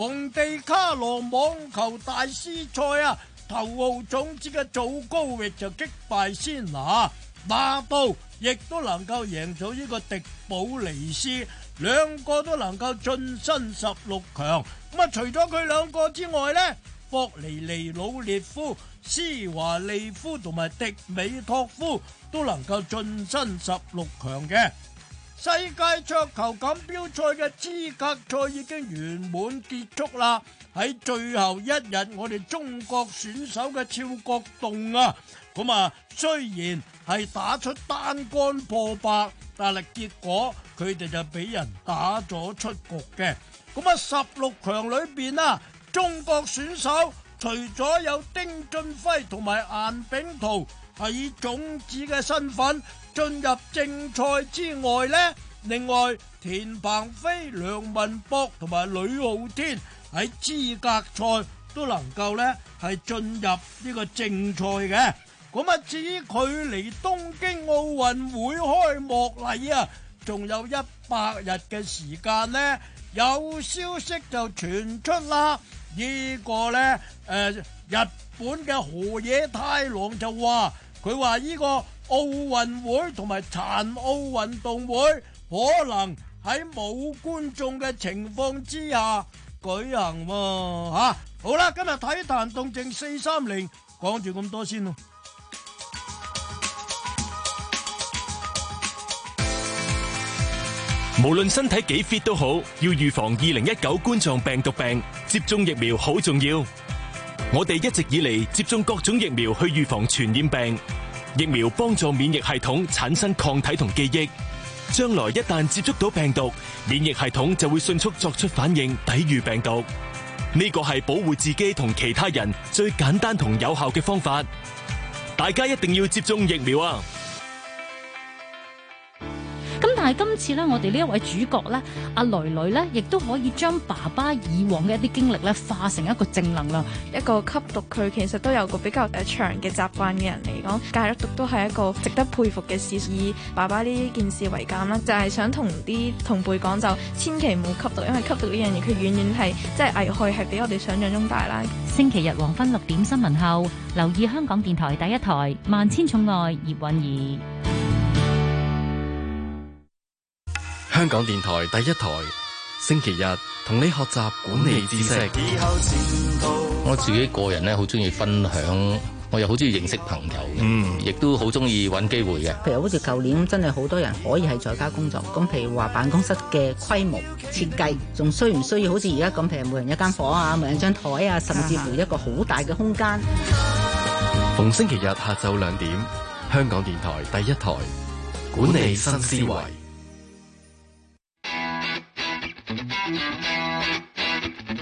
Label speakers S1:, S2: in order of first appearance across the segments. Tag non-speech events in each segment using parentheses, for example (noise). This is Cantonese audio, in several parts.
S1: 蒙地卡羅網球大師賽啊，頭號種子嘅祖高域就擊敗先拿，馬布，亦都能夠贏咗呢個迪保尼斯，兩個都能夠晉身十六強。咁啊，除咗佢兩個之外呢，霍尼尼魯列夫、斯華利夫同埋迪美托夫都能夠晉身十六強嘅。世界桌球錦標賽嘅資格賽已經圓滿結束啦！喺最後一日，我哋中國選手嘅肖國棟啊，咁啊雖然係打出單杆破百，但係結果佢哋就俾人打咗出局嘅。咁啊，十六強裏邊啊，中國選手除咗有丁俊暉同埋顏丙濤。係以種子嘅身份進入正賽之外呢，另外田鵬飛、梁文博同埋呂昊天喺資格賽都能夠呢係進入呢個正賽嘅。咁啊，至於距離東京奧運會開幕禮啊，仲有一百日嘅時間呢，有消息就傳出啦。呢個呢，誒、呃，日本嘅河野太郎就話。佢話呢個奧運會同埋殘奧運動會可能喺冇觀眾嘅情況之下舉行喎。吓，好啦，今日體壇動靜四三零，講住咁多先咯。
S2: 無論身體幾 fit 都好，要預防二零一九冠狀病毒病，接種疫苗好重要。我哋一直以嚟接種各種疫苗去預防傳染病，疫苗幫助免疫系統產生抗體同記憶，將來一旦接觸到病毒，免疫系統就會迅速作出反應，抵禦病毒。呢個係保護自己同其他人最簡單同有效嘅方法，大家一定要接種疫苗啊！
S1: 今次呢，我哋呢一位主角呢，阿雷雷呢，亦都可以將爸爸以往嘅一啲經歷呢化成一個正能量，一個吸毒佢其實都有個比較長嘅習慣嘅人嚟講，戒咗毒都係一個值得佩服嘅事。以爸爸呢件事為鑒啦，就係、是、想同啲同輩講，就千祈唔好吸毒，因為吸毒呢樣嘢，佢遠遠係即係危害係比我哋想象中大啦。星期日黃昏六點新聞後，留意香港電台第一台《萬千寵愛葉蘊儀》。香港電台第一台，星期日同你學習管理知識。 (music)
S2: 我自己個人咧好中意分享，我又好中意認識朋友嘅，亦、嗯、都好中意揾機會嘅。
S3: 譬如好似舊年真係好多人可以係在家工作。咁譬如話辦公室嘅規模設計，仲需唔需要好似而家咁？譬如每人一間房啊，每人一張台啊，甚至乎一個好大嘅空間。 (music) 逢星期日下晝兩點，香港電台第一台，
S1: 管理新思維。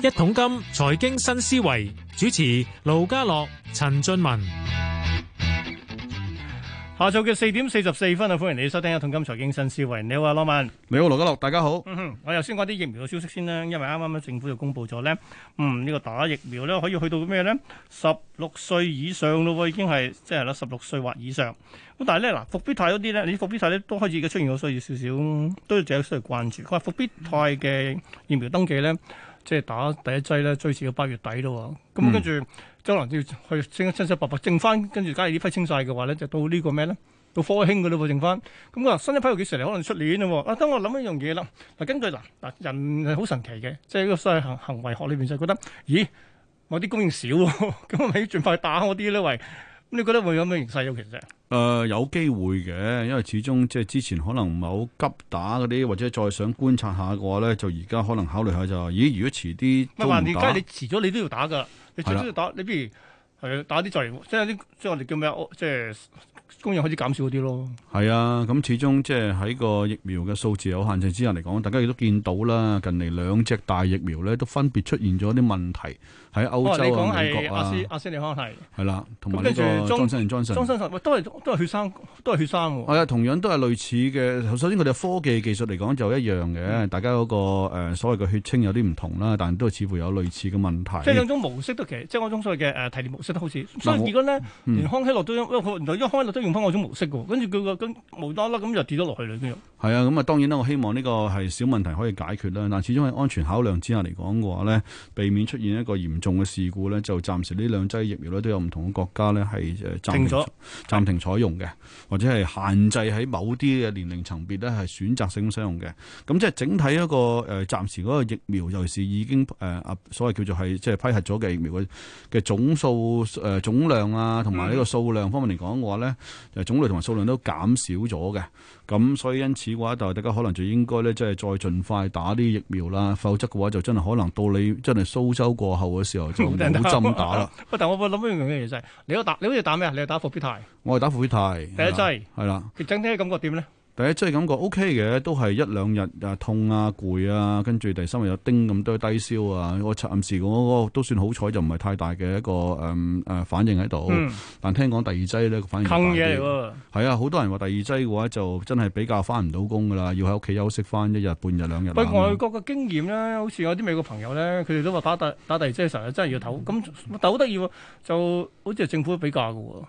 S1: 一桶金財經新思維，主持盧家樂、陳俊文，
S2: 下晝嘅四點四十四分啊！歡迎你收聽《一桶金財經新思維》。你好啊，羅文。你好，盧家樂，大家好。嗯哼，我又先講啲疫苗嘅消息先啦，因為啱啱咧政府就公布咗咧，嗯呢個打疫苗咧可以去到咩咧？十六歲以上咯，已經係即係啦，十六歲或以上咁。但係咧嗱，復必泰嗰啲咧，你啲復必泰咧都開始而家出現咗，所以少少都要借少嚟關注。佢話復必泰嘅疫苗登記咧，即係打第一劑咧，最遲到八月底咯、哦。咁、嗯嗯、跟住，周蘭要去清清清白白剩翻，跟住假如呢批清晒嘅話咧，就到個呢個咩咧？到科興嘅咯喎，剩翻。咁佢話新一批又幾時嚟？可能出年咯、哦。啊，等我諗一樣嘢啦。嗱、啊，根據嗱嗱、啊、人係好神奇嘅，即係個細行行、行為學裏邊就覺得，咦，我啲供應少，咁我咪要盡快打我啲咧，喂。你覺得會有咩形勢？有其實
S3: 誒，有機會嘅，因為始終即係之前可能唔係好急打嗰啲，或者再想觀察下嘅話咧，就而家可能考慮下就，咦？如果遲啲唔係話你而家你
S2: 遲咗你都要打噶你最要打，的你不如係打啲債券，即係啲即係我哋叫咩，即係。即我工人開始減少嗰啲咯，
S3: 係啊！咁始終即係喺個疫苗嘅數字有限制之下嚟講，大家亦都見到啦。近嚟兩隻大疫苗咧都分別出現咗啲問題喺歐洲啊、啊美國啊。阿斯阿斯利康，係係啦，同埋呢個莊生與莊生，莊生
S2: 實都係都係血栓，
S3: 都係血栓。係啊，同樣都係類似嘅。首先，佢哋科技技術嚟講就一樣嘅，大家嗰、那個、呃、所謂嘅血清有啲唔同啦，但係都似乎有類似嘅問題。即係兩種
S2: 模式都其實，即係我講所謂嘅誒、呃、提煉模式都好似。所以而家咧，連康希諾都因都用翻我種模式嘅，跟住佢個跟無啦啦咁就跌咗落去啦，咁樣。
S3: 係啊，咁啊，當然啦，我希望呢個係小問題可以解決啦。但始終喺安全考量之下嚟講嘅話咧，避免出現一個嚴重嘅事故咧，就暫時呢兩劑疫苗咧都有唔同嘅國家咧係誒暫停清楚，暫停採用嘅，或者係限制喺某啲嘅年齡層別咧係選擇性使用嘅。咁即係整體一個誒暫時嗰個疫苗，尤其是已經誒啊、呃、所謂叫做係即係批核咗嘅疫苗嘅嘅總數誒、呃、總量啊，同埋呢個數量方面嚟講嘅話咧，誒、就是、種類同埋數量都減少咗嘅。咁所以因此，嘅話，但大家可能就應該咧，即係再盡快打啲疫苗啦。否則嘅話，就真係可能到你真係蘇州過後嘅時候就冇針打啦。
S2: 但係我會諗一樣嘢就係，你個打你好似打咩啊？你係打，打伏必泰？
S3: 我係打伏必泰。誒，第一劑係啦。
S2: 佢整體嘅感覺點咧？
S3: 第一劑感覺 OK 嘅，都係一兩日啊痛啊攰啊，跟住第三日有叮咁多低燒啊。我暫時我嗰個都算好彩，就唔係太大嘅一個誒誒反應喺度。嗯嗯、但聽講第二劑咧，反應大啲。係啊，好多人話第二劑嘅話就真係比較翻唔到工噶啦，要喺屋企休息翻一日半日兩日，啊。喂，外
S2: 國嘅經驗咧，好似有啲美國朋友咧，佢哋都話打第打第二劑成日真係要唞，咁唞好得意喎，就好似政府俾假嘅喎。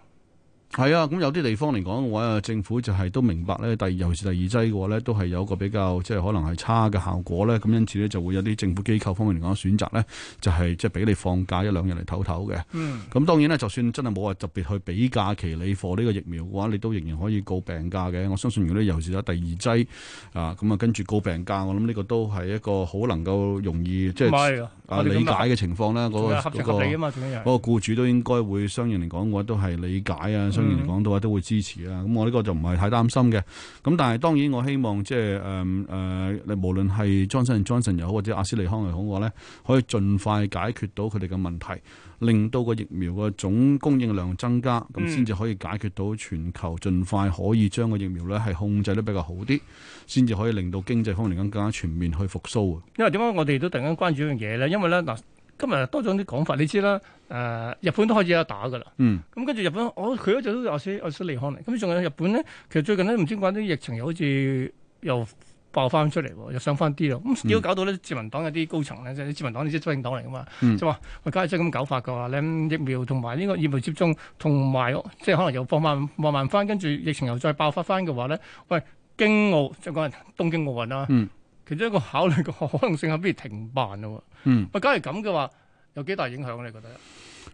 S3: 係啊，咁有啲地方嚟講嘅話啊，政府就係都明白咧。第二尤其是第二劑嘅話咧，都係有個比較即係可能係差嘅效果咧。咁因此咧，就會有啲政府機構方面嚟講選擇咧，就係即係俾你放假一兩日嚟唞唞嘅。嗯。咁當然咧，就算真係冇話特別去俾假期理貨呢個疫苗嘅話，你都仍然可以告病假嘅。我相信如果你尤是有第二劑啊，咁、嗯、啊跟住告病假，我諗呢個都係一個好能夠容易即係、即係、啊，啊理解嘅情況啦。嗰、嗰個嗰、嗰個雇、嗰個、主都應該會相應嚟講嘅話，都係理解啊。嗯當然嚟講，到話都會支持啊。咁我呢個就唔係太擔心嘅。咁但係當然，我希望即係誒誒，你、呃、無論係 Johnson & Johnson 又好，或者阿斯利康又好，我咧可以盡快解決到佢哋嘅問題，令到個疫苗嘅總供應量增加，咁先至可以解決到全球，盡快可以將個疫苗咧係控制得比較好啲，先至可以令到經濟方面更加全面去復甦啊。
S2: 因為點解我哋都突然間關注一樣嘢咧？因為咧嗱。今日多咗啲講法，你知啦。誒、呃，日本都開始有得打噶啦、嗯嗯哦。嗯。咁跟住日本，我佢一直都亞斯亞斯利康嚟。咁仲有日本咧，其實最近咧唔知點解啲疫情又好似又爆翻出嚟，又上翻啲咯。咁、嗯、如、嗯、果搞到咧自民黨有啲高層咧，即係自民黨，你知執政黨嚟噶嘛？嗯。就話，喂，假如真係咁搞法嘅話咧，疫苗同埋呢個疫苗接種，同埋即係可能又放慢放慢翻，跟住疫情又再爆發翻嘅話咧，喂，說說京奧，即係講東京奧運啦。啊、嗯。嗯。其中一個考慮嘅可能性係不如停辦咯嗯，咁如果係咁嘅話，有幾大影響啊咧？你覺得？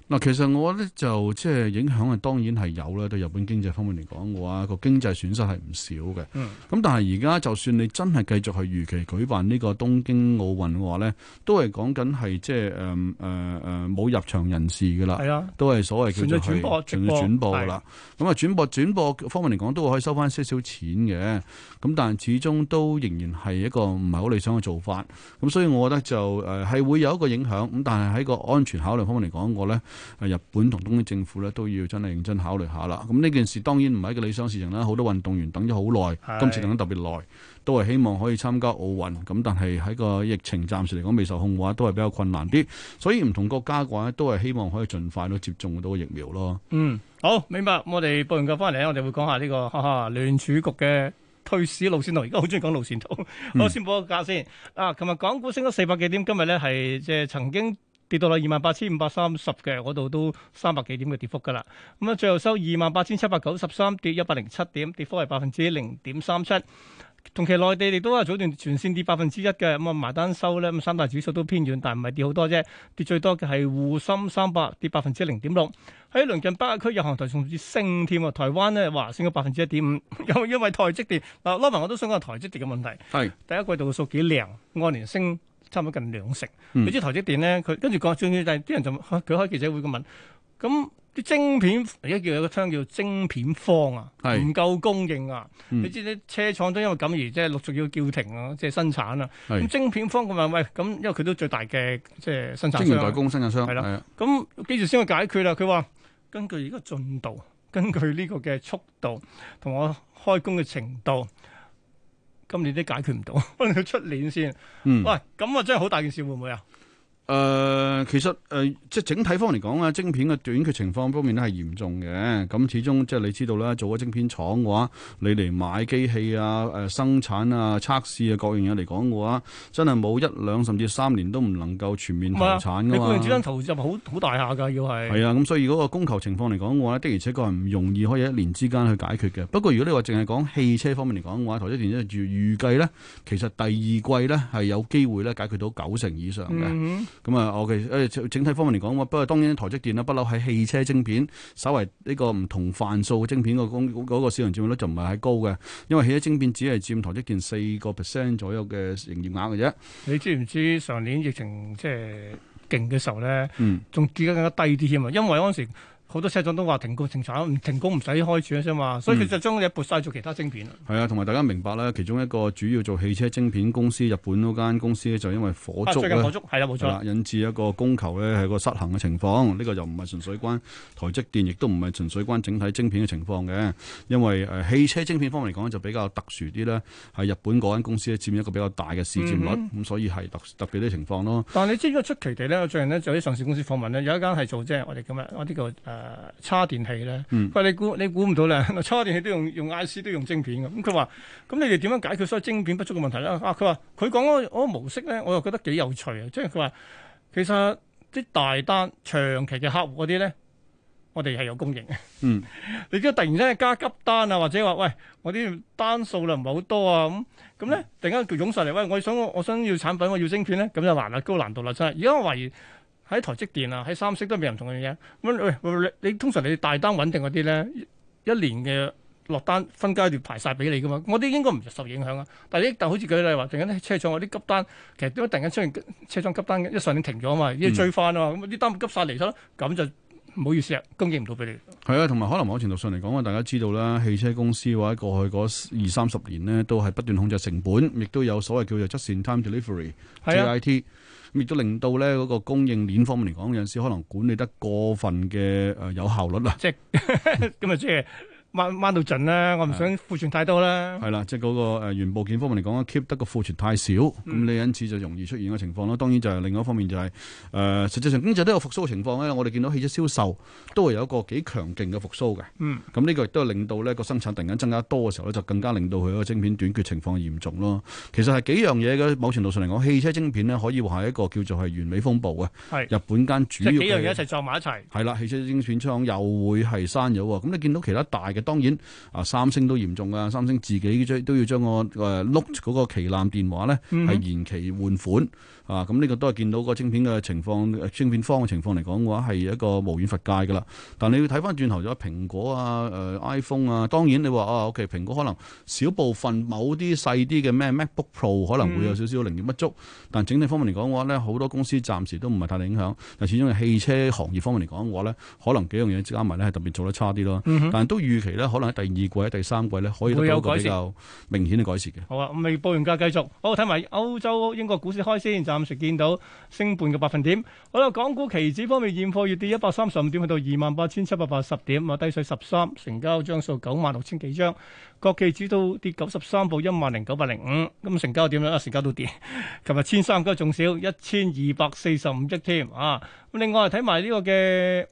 S3: 嗱，其實我覺得就即係影響係當然係有啦。對日本經濟方面嚟講，我話個經濟損失係唔少嘅。咁、嗯、但係而家就算你真係繼續去如期舉辦呢個東京奧運嘅話咧，都係講緊係即係誒誒誒冇入場人士嘅啦。係啊的。都係所謂叫做，全數轉播，直播，的、嗯、播。轉播啦。咁啊，轉播轉播方面嚟講，都會可以收翻些少錢嘅。咁但係始終都仍然係一個唔係好理想嘅做法。咁所以，我覺得就誒係、呃、會有一個影響。咁但係喺個安全考慮方面嚟講，我咧。誒，日本同東京政府咧都要真係認真考慮下啦。咁、嗯、呢件事當然唔係一個理想事情啦。好多運動員等咗好耐，是今次等得特別耐，都係希望可以參加奧運。咁但係喺個疫情暫時嚟講未受控嘅話，都係比較困難啲。所以唔同國家嘅話，都係希望可以盡快都接種到疫苗咯。
S2: 嗯，好，明白。我哋報完價翻嚟我哋會講下呢、這個哈哈聯儲局嘅退市路線圖。而家好中意講路線圖，嗯、我先報個價先。啊，琴日港股升咗四百幾點，今日呢係即係曾經。跌到啦二萬八千五百三十嘅嗰度都三百幾點嘅跌幅㗎啦，咁啊最後收二萬八千七百九十三跌一百零七點，跌幅係百分之零點三七。同期內地亦都係早段全線跌百分之一嘅，咁啊埋單收咧，咁三大指數都偏軟，但唔係跌好多啫。跌最多嘅係滬深三百跌百分之零點六。喺鄰近北亞區日韓台甚至升添啊！台灣咧嘩升咗百分之一點五，又 (laughs) 因為台積電嗱，拉埋我都想講台積電嘅問題。係是第一季度嘅數幾靚，按年升。差唔多近兩成，你、嗯、知台積電咧，佢跟住講，最重要就係啲人就佢開記者會咁問，咁、嗯、啲晶片而家叫有個聽叫做晶片荒啊，唔夠是供應啊，嗯、你知啲車廠都因為咁而即係陸續要叫停啊，即係生產啊。咁是、嗯、晶片荒咁問喂，咁因為佢都最大嘅即係生產晶圓代工生產商，係啦的，咁幾時先去解決啦？佢話根據而家進度，根據呢個嘅速度同我開工嘅程度，今年都解決唔到，可能要出年先。嗯，喂，咁啊真係好大件事，會唔會啊？
S1: 誒、呃，
S3: 其實誒，即、呃、係整體方面嚟講啊，晶片嘅短缺情況方面咧係嚴重嘅。咁始終即係你知道啦，做咗晶片廠嘅話，你嚟買機器啊、誒、呃、生產啊、測試啊各樣嘢嚟講嘅話，真係冇一兩甚至三年都唔能夠全面投產噶嘛、啊。你嗰個資金
S2: 投入好好大下噶，要係係啊。
S3: 咁、嗯、所以嗰個供求情況嚟講嘅話，的而且確係唔容易可以一年之間去解決嘅。不過如果你話淨係講汽車方面嚟講嘅話，台積電咧預預計咧，其實第二季咧係有機會咧解決到九成以上嘅。 (noise) 咁啊，我其誒整體方面嚟講啊，不過當然台積電啦，不嬲喺汽車晶片，稍為呢個唔同範數嘅晶片個公個市場佔有率就唔係太高嘅，因為汽車晶片只係佔台積電四個 percent 左右嘅營業額嘅
S2: 啫。你知唔知上年疫情即係勁嘅時候咧？嗯，仲跌得更加低啲添啊！因為嗰時。好多車廠都話停工停產，停工唔使開廠啫嘛，所以佢就將嘢撥晒做其他晶片。
S3: 係、嗯、啊，同埋大家明白啦，其中一個主要做汽車晶片公司，日本嗰間公司就因為火燭咧，係啊，冇、啊、錯、啊、引致一個供求咧係個失衡嘅情況。呢、這個又唔係純粹關台積電，亦都唔係純粹關整體晶片嘅情況嘅。因為誒、呃、汽車晶片方面嚟講就比較特殊啲啦。係日本嗰間公司咧佔一個比較大嘅市佔率，咁、嗯、所以係特特別啲情況咯。
S2: 但係你知唔知出奇地咧？最近呢，就啲上市公司訪問呢，有一間係做即係我哋今日我呢個。誒、呃，叉電器咧，佢話、嗯、你估你估唔到啦，叉電器都用用 I C 都用晶片嘅，咁佢話，咁、嗯、你哋點樣解決所有晶片不足嘅問題咧？啊，佢話佢講嗰嗰個模式咧，我又覺得幾有趣啊，即係佢話，其實即係大單長期嘅客戶嗰啲咧，我哋係有供應嘅。嗯， (laughs) 你知突然之間加急單啊，或者話喂，我啲單數量唔係好多啊，咁咁咧，突然間叫湧上嚟，喂，我想我想要產品，我要晶片咧，咁就難啦，高難度啦真係。而家我懷疑。喺台積電啊，喺三星都未有唔同嘅嘢。咁喂，你通常你大單穩定嗰啲咧，一年嘅落單分階段排曬俾你噶嘛？我啲應該唔受影響啊。但係呢，但係好似舉例話，突然間車廠有啲急單，其實都突然間出現車廠急單，一上年停咗啊嘛，要追翻啊嘛，咁啲單急曬嚟咗，咁就唔好意思啊，供應唔到俾你。
S3: 係啊，同埋可能某程度上嚟講啊，大家知道啦，汽車公司或者，過去嗰二三十年咧，都係不斷控制成本，亦都有所謂叫做 just in time delivery 係啊，JIT。亦都令到呢個供應鏈方面嚟講，有陣時可能管理得過分嘅誒有效率啦。即係咁啊，
S2: 即係。掹到盡啦！我唔想庫存太多啦。
S3: 係啦，即係嗰、那個、呃、原部件方面嚟講 keep 得個庫存太少，咁你因此就容易出現嘅情況啦。嗯、當然就係另外一方面就係、是、誒、呃，實際上經濟都有復甦嘅情況咧。我哋見到汽車銷售都係有一個幾強勁嘅復甦嘅。嗯。咁呢個亦都係令到咧個生產突然間增加多嘅時候咧，就更加令到佢個晶片短缺情況嚴重咯。其實係幾樣嘢嘅某程度上嚟講，汽車晶片咧可以話係一個叫做係完美風暴啊。係的。日本間主要即係幾樣嘢一齊撞埋一齊。係啦，汽車晶片廠又會係閂咗喎。咁你見到其他大嘅。當然，啊三星都嚴重㗎！三星自己都要將、那個誒 Note 嗰個旗艦電話咧，係延期換款。啊，咁、這、呢個都係見到個晶片嘅情況，晶片方嘅情況嚟講嘅話係一個無遠弗屆㗎喇。但你要睇翻轉頭咗蘋果啊、誒、呃、iPhone 啊，當然你話啊，OK，蘋果可能少部分某啲細啲嘅咩 MacBook Pro 可能會有少少零件不足，嗯、但整體方面嚟講嘅話咧，好多公司暫時都唔係太大影響。但始終係汽車行業方面嚟講嘅話咧，可能幾樣嘢加埋咧係特別做得差啲咯。嗯、哼但都預期咧，可能喺第二季、喺第三季咧可以得到一個比較明顯嘅改善
S2: 嘅。好啊，未報完價繼續，好睇埋歐洲英國股市開先。暫時見到升半個百分點。好啦，港股期指方面，現貨月跌一百三十五點，去到二萬八千七百八十點, 13, 96, 5，點，啊，低水十三，成交張數九萬六千幾張。國企指都跌九十三點，報一萬零九百零五。咁成交點咧？啊，成交都跌。琴日千三唔夠，仲少一千二百四十五億添啊。咁另外睇埋呢個嘅。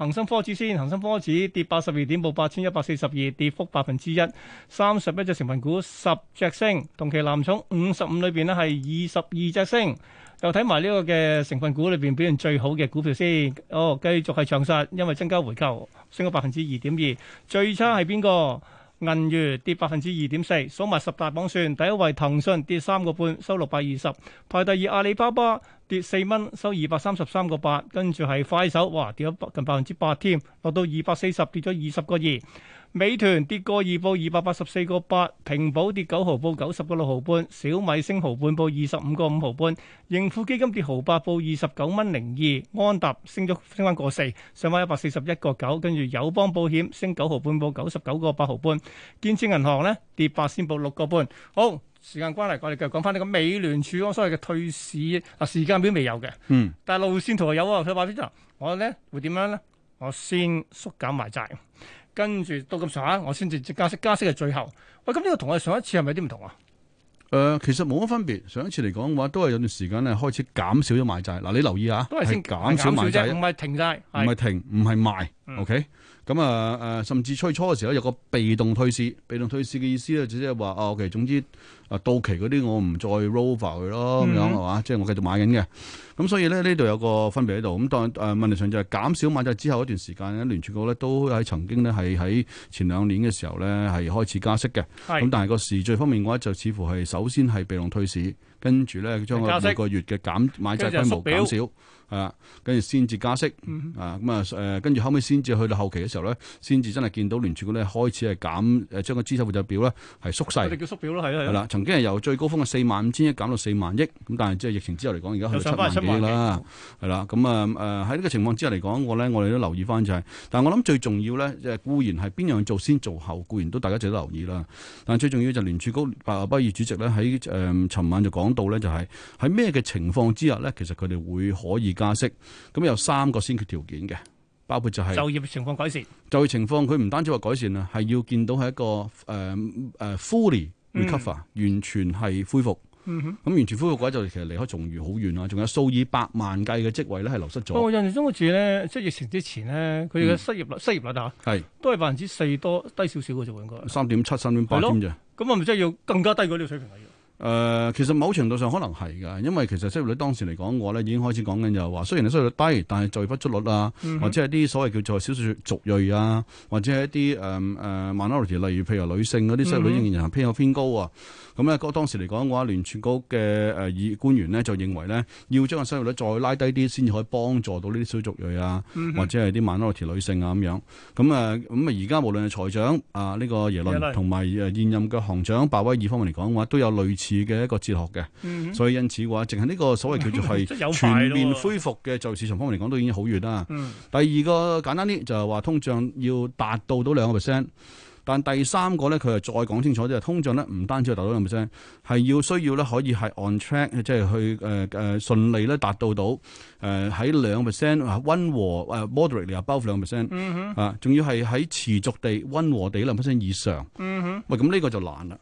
S2: 恒生科指先，恒生科指跌八十二點，報八千一百四十二，跌幅百分之一。三十一隻成分股十隻升，同期藍籌五十五裏邊咧係二十二隻升。又睇埋呢個嘅成分股裏邊表現最好嘅股票先。哦，繼續係長實，因為增加回購，升咗百分之二點二。最差係邊個？銀娛跌百分之二點四，數埋十大榜算，第一位騰訊跌三個半，收六百二十；排第二阿里巴巴跌四蚊，收二百三十三個八，跟住係快手，哇，跌咗近百分之八添，落到二百四十，跌咗二十個二。美團跌過二，報二百八十四個八，平保跌九毫報九十個六毫半，小米升毫半報二十五個五毫半，盈富基金跌毫八報二十九蚊零二，安踏升咗升翻個四，4, 上翻一百四十一個九，跟住，友邦保險升九毫半報九十九個八毫半，建設銀行咧跌八仙報六個半。好，時間關嚟，我哋繼續講翻呢個美聯儲所謂嘅退市啊，時間表未有嘅，嗯，但係路線圖有啊，佢話邊度？我咧會點樣咧？我先縮減埋債。跟住到咁上下，我先至加息，加息嘅最後。喂，咁呢個同我哋上一次係咪有啲唔同啊？
S3: 誒、呃，其實冇乜分別。上一次嚟講嘅話，都係有段時間咧開始減少咗買債。嗱、啊，你留意下，都係先減少買債，唔
S2: 係停債，唔係
S3: 停，唔係賣。O K，咁啊誒，甚至最初嘅時候有個被動退市，被動退市嘅意思咧，啊 okay, 嗯哼，就即係話，O K，總之啊到期嗰啲我唔再 roll 返佢咯，咁樣係嘛，即係我繼續買緊嘅。咁所以咧呢度有個分別喺度。咁當然誒、呃，問題上就係減少買債之後一段時間咧，聯儲局咧都喺曾經咧係喺前兩年嘅時候咧係開始加息嘅。咁的但係個時序方面嘅話，就似乎係首先係被動退市。跟住咧，將個每個月嘅減買債規模減少，啊，跟住先至加息，啊，咁啊，誒，跟住後尾先至去到後期嘅時候咧，先至真係見到聯儲局咧開始係減誒，將個資產負債表咧係縮細。我哋
S2: 叫縮表咯，係啦。
S3: 曾經係由最高峰嘅四萬五千億減到四萬億，咁但係即係疫情之後嚟講，而家去到七萬幾啦，係啦。咁啊，誒喺呢個情況之下嚟講，我咧我哋都留意翻就係，但係我諗最重要咧，即係固然係邊樣做先做後，固然都大家一直留意啦。但係最重要就聯儲局白話不如主席咧喺誒尋晚就講。.講到咧就係喺咩嘅情況之下咧，其實佢哋會可以加息。咁、嗯、有三個先決條件嘅，包括就係就
S2: 業情況改善。
S3: 就業情況佢唔單止話改善啊，係要見到係一個誒誒 full recovery，完全係恢復。咁、嗯、哼完全恢復嘅話就其實離開重圓好遠啊，仲有數以百萬計嘅職位咧係流失咗。我印象
S2: 中嘅住咧，即疫情之前咧，佢嘅失業率失業率啊，係都係百分之四多，低少少嘅就應該。三點七、三點八添咋？咁我唔知要更加低嗰啲水平。
S3: 誒、呃，其實某程度上可能係㗎，因為其實失業率當時嚟講嘅話咧，已經開始講緊就係話，雖然係失業率低，但係就業不足率啊，嗯、哼或者係啲所謂叫做少數族裔啊，或者係一啲誒誒 minority，例如譬如女性嗰啲失業率仍然偏有偏高啊。咁咧個當時嚟講嘅話，聯儲局嘅誒議官員咧就認為咧，要將個失業率再拉低啲，先至可以幫助到呢啲少數族裔啊，嗯、哼或者係啲 minority 女性啊咁樣。咁啊咁啊，而家無論係財長啊呢個耶倫同埋誒現任嘅行長鮑威爾方面嚟講嘅話，都有類似嘅一個哲學嘅，嗯、哼所以因此嘅話，淨係呢個所謂叫做係全面恢復嘅，就市場方面嚟講，都已經好遠啦。嗯、第二個簡單啲就係、是、話通脹要達到到兩個 percent，但第三個咧，佢又再講清楚啲，即係，通脹咧唔單止要達到兩個 percent，係要需要咧可以係 on track，即係去誒誒順利咧達到到誒喺兩 percent，溫和誒 moderate 又 above 兩 percent，嗯、哼啊，仲要係喺持續地溫和地兩 percent 以上。喂，咁呢個就難啦。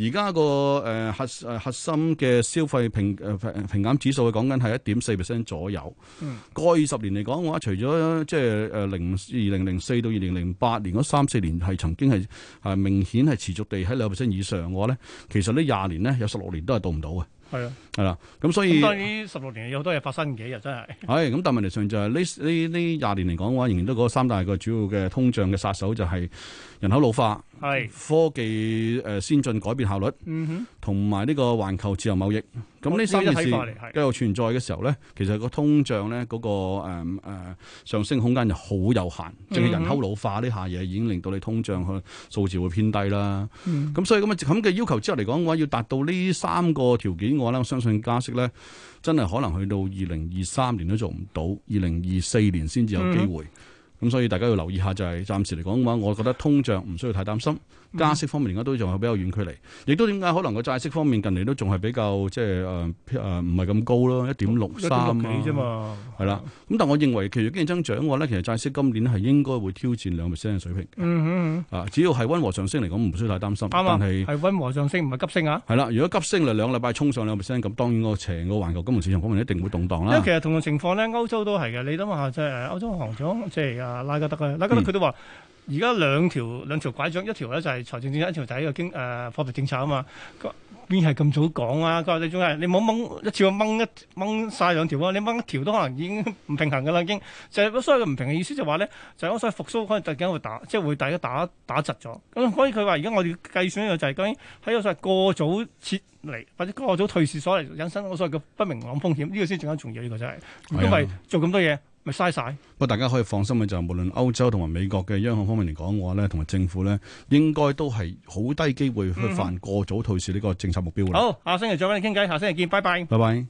S3: 而家個誒核誒核心嘅消費平誒平平減指數嘅講緊係一點四 percent 左右。嗯，過二十年嚟講，嘅話除咗即係誒零二零零四到二零零八年嗰三四年係曾經係係、呃、明顯係持續地喺兩 percent 以上嘅話咧，其實呢廿年咧有十六年都係到唔到嘅。係啊的，係啦，咁所以當然
S2: 十六年有好多嘢發生嘅，
S3: 日真係。係咁，但，但問題上就係呢呢呢廿年嚟講嘅話，仍然都嗰三大個主要嘅通脹嘅殺手就係人口老化。係是科技、誒先進改變效率，同埋呢個環球自由貿易，咁呢三件事繼續存在嘅時候咧，嗯、哼其實個通脹咧嗰個誒誒、嗯呃、上升空間就好有限。即係、嗯、哼人口老化呢下嘢，已經令到你通脹嘅數字會偏低啦。咁、嗯、所以咁嘅要求之後嚟講嘅話，要達到呢三個條件嘅話咧，我相信加息咧真係可能去到二零二三年都做唔到，二零二四年先至有機會。嗯咁所以大家要留意下，就係暫時嚟講嘅話，我覺得通脹唔需要太擔心。加息方面而家都仲係比較遠距離，亦都點解可能個債息方面近嚟都仲係比較即係誒誒唔係咁高咯，一點六三啊，一點六幾啫嘛，係啦。咁但我認為其實經濟增長嘅話咧，其實債息今年係應該會挑戰兩 percent 嘅水平。嗯嗯嗯。啊，只要係溫和上升嚟講，唔需要太擔心。啱啊。係
S2: 溫和上升唔係急升啊。係
S3: 啦，如果急升就兩禮拜衝上兩 percent，咁當然個成個環球金融市場方面一定會動盪啦。因為其
S2: 實同樣情況咧，歐洲都係嘅。你諗下即係歐洲行長即係而家。啊，拉加德啊，拉加德佢都話，而家兩條兩條拐杖，一條咧就係、是、財政政策，一條就係個經誒、呃、貨幣政策啊嘛。邊係咁早講啊？佢話你仲係你冇掹一次去掹一掹曬兩條啊。你掹一條都可能已經唔平衡噶啦，已經就係、是、所謂嘅唔平嘅意思就話咧，就係、是、我所謂復甦可能突然間會打，即係會大家打打窒咗。咁所以佢話，而家我哋計算呢個就係究竟喺個所謂過早撤離或者過早退市所嚟引申我所謂嘅不明朗風險，呢、這個先最緊重要呢、這個就係、是。因為做咁多嘢。嘥曬！
S3: 不過大家可以放心嘅就係，無論歐洲同埋美國嘅央行方面嚟講嘅話咧，同埋政府咧，應該都係好低機會去犯過早退市呢個政策目標。嗯、哼
S2: 好，下星期再揾你傾偈，下星期見，拜拜，
S3: 拜拜。